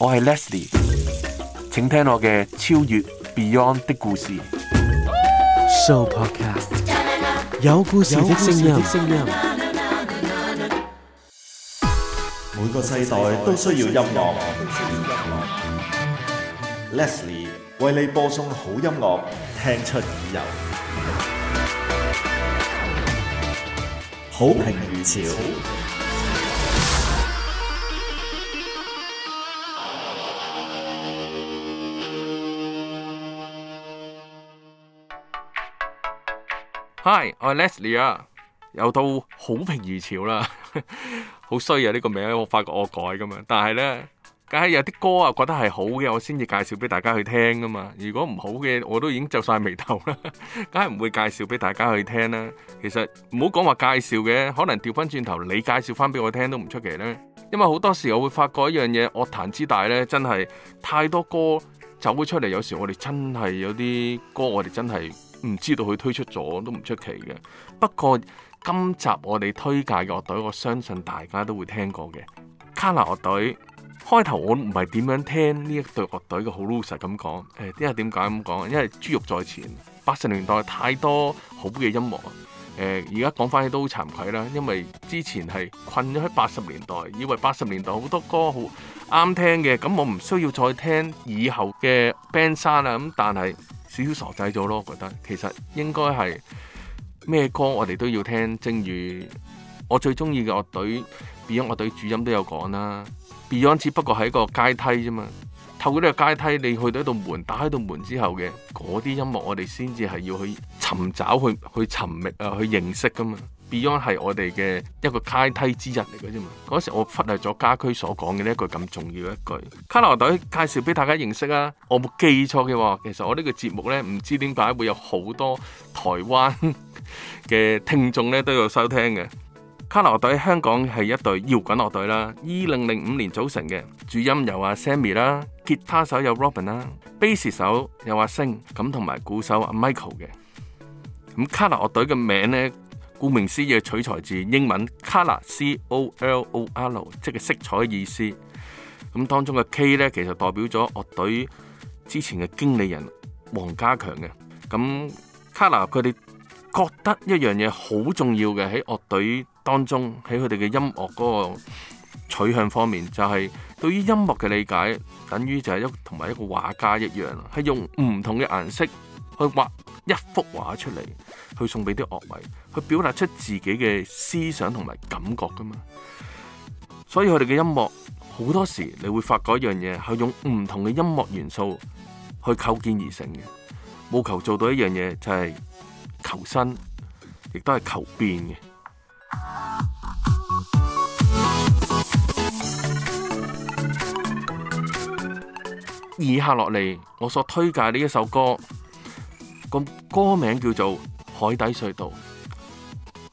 我係 Leslie，請聽我嘅超越 Beyond 的故事。Show podcast 有故事的聲音，每個世代都需要音樂。Leslie 為你播送好音樂，聽出耳油，好評如潮。Hi，我係 Leslie 啊，又到好評如潮啦，好衰啊呢個名，我發覺我改噶嘛，但係咧，梗係有啲歌啊覺得係好嘅，我先至介紹俾大家去聽噶嘛。如果唔好嘅，我都已經皺晒眉頭啦，梗係唔會介紹俾大家去聽啦。其實唔好講話介紹嘅，可能調翻轉頭你介紹翻俾我聽都唔出奇咧。因為好多時我會發覺一樣嘢，樂壇之大咧，真係太多歌走咗出嚟，有時我哋真係有啲歌我哋真係。唔知道佢推出咗都唔出奇嘅。不過今集我哋推介嘅樂隊，我相信大家都會聽過嘅。卡納樂隊，開頭我唔係點樣聽呢一隊樂隊嘅，好老實咁講。誒，因為點解咁講？因為豬肉在前，八十年代太多好嘅音樂。誒，而家講返起都好慚愧啦，因為之前係困咗喺八十年代，以為八十年代好多歌好啱聽嘅，咁我唔需要再聽以後嘅 band 山啦。咁但係，少少傻仔咗咯，我覺得其實應該係咩歌我哋都要聽，正如我最鍾意嘅樂隊 Beyond 樂隊主音都有講啦。Beyond 只不過係一個階梯啫嘛，透過呢個階梯你去到一道門，打開道門之後嘅嗰啲音樂，我哋先至係要去尋找、去去尋覓啊，去認識㗎嘛。Beyond 係我哋嘅一個階梯之一嚟嘅啫嘛。嗰時我忽略咗家駒所講嘅呢一個咁重要的一句。卡樂隊介紹俾大家認識啦、啊。我冇記錯嘅話，其實我呢個節目呢，唔知點解會有好多台灣嘅聽眾呢都有收聽嘅。卡樂隊香港係一隊搖滾樂隊啦，二零零五年組成嘅。主音有阿、啊、Sammy 啦，吉他手有 Robin 啦，Bass 手又話星，咁，同埋鼓手阿、啊、Michael 嘅咁。卡樂隊嘅名呢？顧名思義取，取材自英文 colour，C-O-L-O-L 即係色彩意思。咁當中嘅 K 咧，其實代表咗樂隊之前嘅經理人黃家強嘅。咁 color，佢哋覺得一樣嘢好重要嘅喺樂隊當中，喺佢哋嘅音樂嗰個取向方面，就係對於音樂嘅理解，等於就係一同埋一個畫家一樣，係用唔同嘅顏色。去畫一幅畫出嚟，去送俾啲樂迷，去表達出自己嘅思想同埋感覺㗎嘛。所以佢哋嘅音樂好多時，你會發覺一樣嘢係用唔同嘅音樂元素去構建而成嘅，務求做到一樣嘢就係求新，亦都係求變嘅。以下落嚟，我所推介呢一首歌，個歌名叫做《海底隧道》，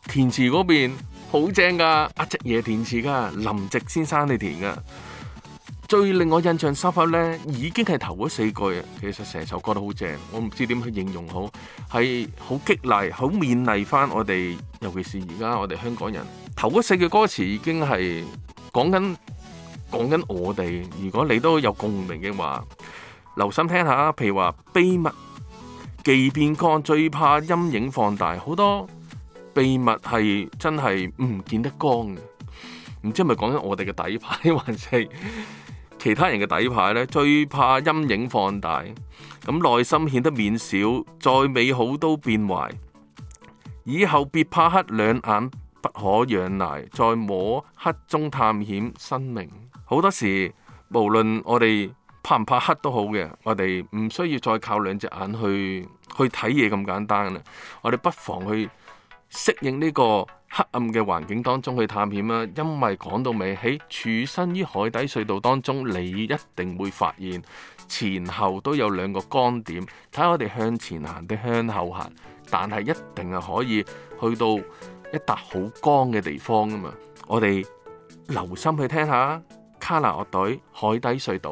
填詞嗰邊好正噶，阿隻嘢填詞噶，林夕先生你填噶。最令我印象深刻咧，已經係頭嗰四句。其實成首歌都好正，我唔知點去形容好，係好激勵、好勉勵翻我哋，尤其是而家我哋香港人。頭嗰四句歌詞已經係講緊講緊我哋，如果你都有共鳴嘅話，留心聽下，譬如話秘密忌、變光，最怕陰影放大，好多秘密係真係唔見得光。唔知係咪講緊我哋嘅底牌，還是其他人嘅底牌呢？最怕陰影放大，咁內心顯得面小，再美好都變壞。以後別怕黑，兩眼不可仰賴，在摸黑中探險生命。好多時，無論我哋。怕唔怕黑都好嘅，我哋唔需要再靠兩隻眼去去睇嘢咁簡單啦。我哋不妨去適應呢個黑暗嘅環境當中去探險啦。因為講到尾喺處身於海底隧道當中，你一定會發現前後都有兩個光點。睇下我哋向前行定向後行，但係一定係可以去到一笪好光嘅地方噶嘛。我哋留心去聽下卡拉樂隊《海底隧道》。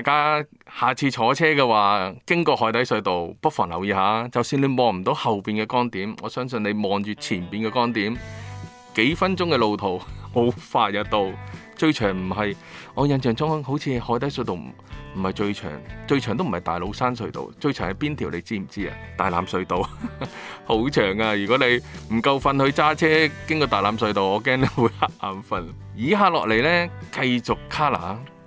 大家下次坐車嘅話，經過海底隧道，不妨留意一下。就算你望唔到後邊嘅光點，我相信你望住前邊嘅光點，幾分鐘嘅路途，好快又到。最長唔係，我印象中好似海底隧道唔唔係最長，最長都唔係大老山隧道，最長係邊條？你知唔知啊？大欖隧道好 長啊！如果你唔夠瞓去揸車經過大欖隧道，我驚你會黑眼瞓。以下落嚟呢，繼續卡冷。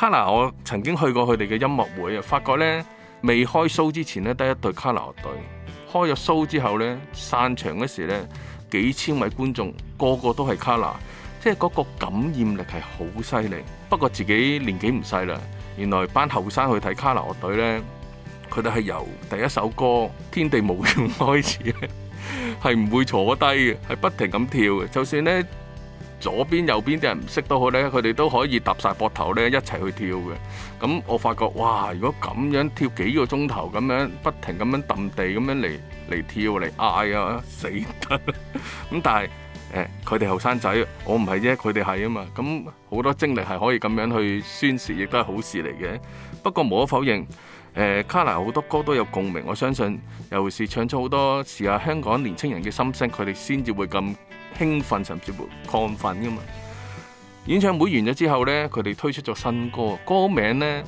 Kolor，我曾經去過佢哋嘅音樂會啊，發覺咧未開 show 之前咧得一隊 Kolor 樂隊，開咗 show 之後咧散場嗰時咧幾千位觀眾個個都係 Kolor，即係嗰個感染力係好犀利。不過自己年紀唔細啦，原來班後生去睇 Kolor 樂隊呢佢哋係由第一首歌《天地無用》開始咧，係 唔會坐低嘅，係不停咁跳嘅，就算呢，左邊右邊啲人唔識都好咧，佢哋都可以搭晒膊頭咧一齊去跳嘅。咁我發覺哇，如果咁樣跳幾個鐘頭咁樣，不停咁樣揼地咁樣嚟嚟跳嚟嗌啊死得！咁 但係誒，佢哋後生仔，我唔係啫，佢哋係啊嘛。咁好多精力係可以咁樣去宣泄，亦都係好事嚟嘅。不過無可否認，誒、欸、卡蘭好多歌都有共鳴，我相信尤其是唱出好多時下香港年青人嘅心聲，佢哋先至會咁興奮甚至乎亢奮噶嘛？演唱會完咗之後咧，佢哋推出咗新歌，歌名咧，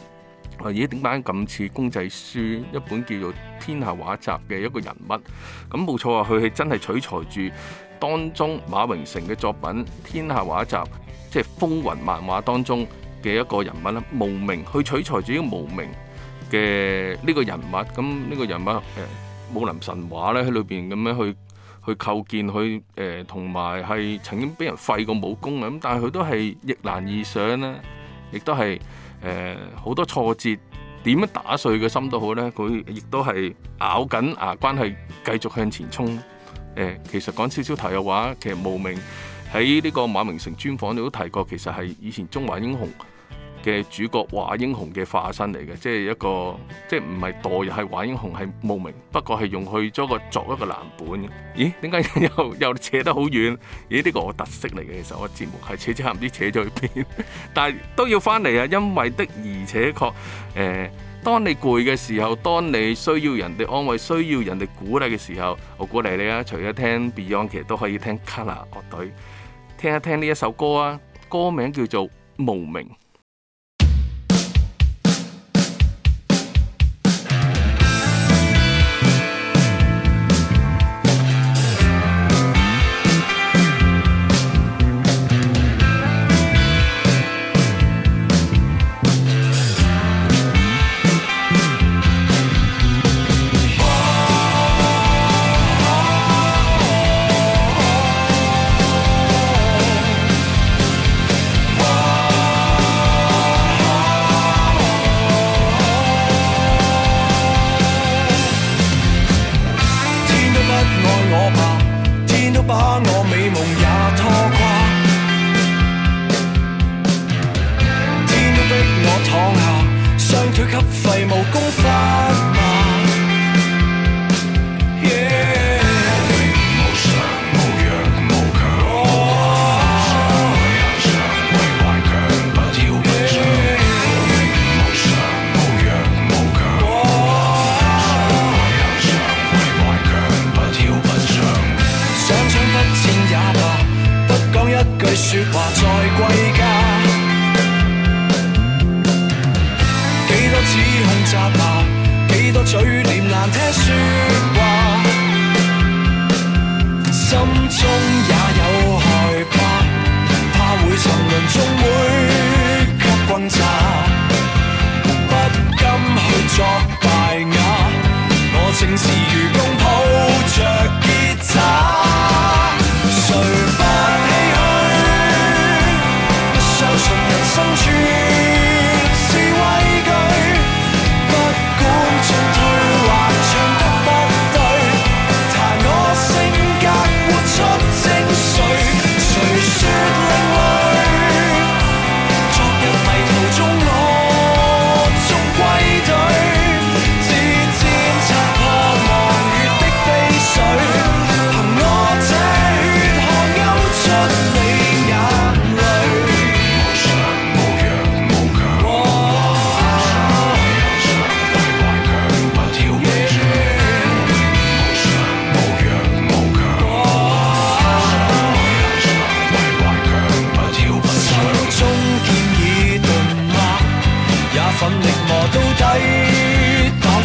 咦？點解咁似公仔書一本叫做《天下畫集》嘅一個人物？咁冇錯啊，佢係真係取材住當中馬榮成嘅作品《天下畫集》，即係《風雲漫畫》當中嘅一個人物啦。無名，佢取材住呢個無名嘅呢個人物，咁呢個人物誒《武林神話》咧喺裏邊咁樣去。去構建，去誒同埋係曾經俾人廢過武功啊！咁但係佢都係逆難而上咧，亦都係誒好多挫折，點樣打碎個心都好咧，佢亦都係咬緊牙關係繼續向前衝。誒，其實講少少題嘅話，其實無名喺呢個馬明成專訪都提過，其實係以前中華英雄。嘅主角，華英雄嘅化身嚟嘅，即係一個即係唔係代入，係華英雄係無名，不過係用去咗個作一個藍本。咦？點解又又扯得好遠？咦？呢、這個我的特色嚟嘅，其實我節目係扯咗下，唔知扯咗去邊，但係都要翻嚟啊。因為的而且確，誒、呃，當你攰嘅時候，當你需要人哋安慰、需要人哋鼓勵嘅時候，我鼓勵你啊。除咗聽 Beyond，其實都可以聽 Kolor 樂隊，聽一聽呢一首歌啊。歌名叫做《無名》。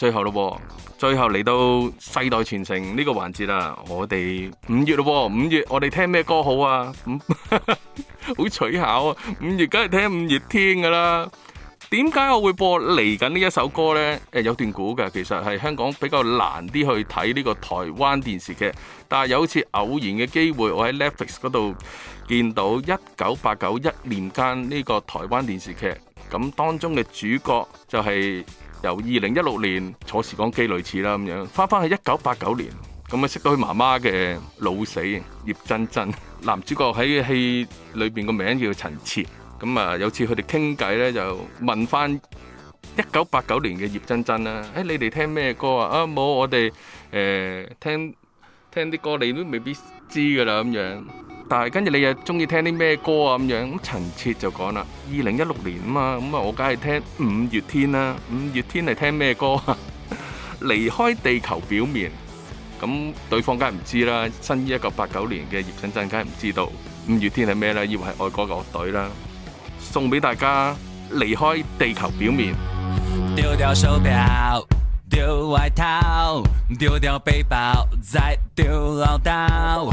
最後咯，最後嚟到世代傳承呢個環節啦。我哋五月咯，五月我哋聽咩歌好啊？咁好取巧啊！五月梗係聽五月天噶啦。點解我會播嚟緊呢一首歌咧？誒，有段古噶，其實係香港比較難啲去睇呢個台灣電視劇。但係有次偶然嘅機會，我喺 Netflix 嗰度見到一九八九一年間呢個台灣電視劇，咁當中嘅主角就係。由二零一六年坐時光機，類似啦咁樣，翻翻去一九八九年，咁啊識到佢媽媽嘅老死葉真真。男主角喺戲裏邊個名叫陳徹，咁啊有次佢哋傾偈咧，就問翻一九八九年嘅葉真真啦，誒你哋聽咩歌啊？啊冇我哋誒聽聽啲歌，你都未必知㗎喇咁樣。但係跟住你又中意聽啲咩歌啊咁樣？咁陳設就講啦，二零一六年啊嘛，咁啊我梗係聽五月天啦。五月天係聽咩歌啊？離開地球表面，咁對方梗係唔知啦。生於一九八九年嘅葉振振梗係唔知道五月天係咩啦，以為係外國樂隊啦。送俾大家，離開地球表面，丟掉手表，丟外套，丟掉背包，再丟嘮叨，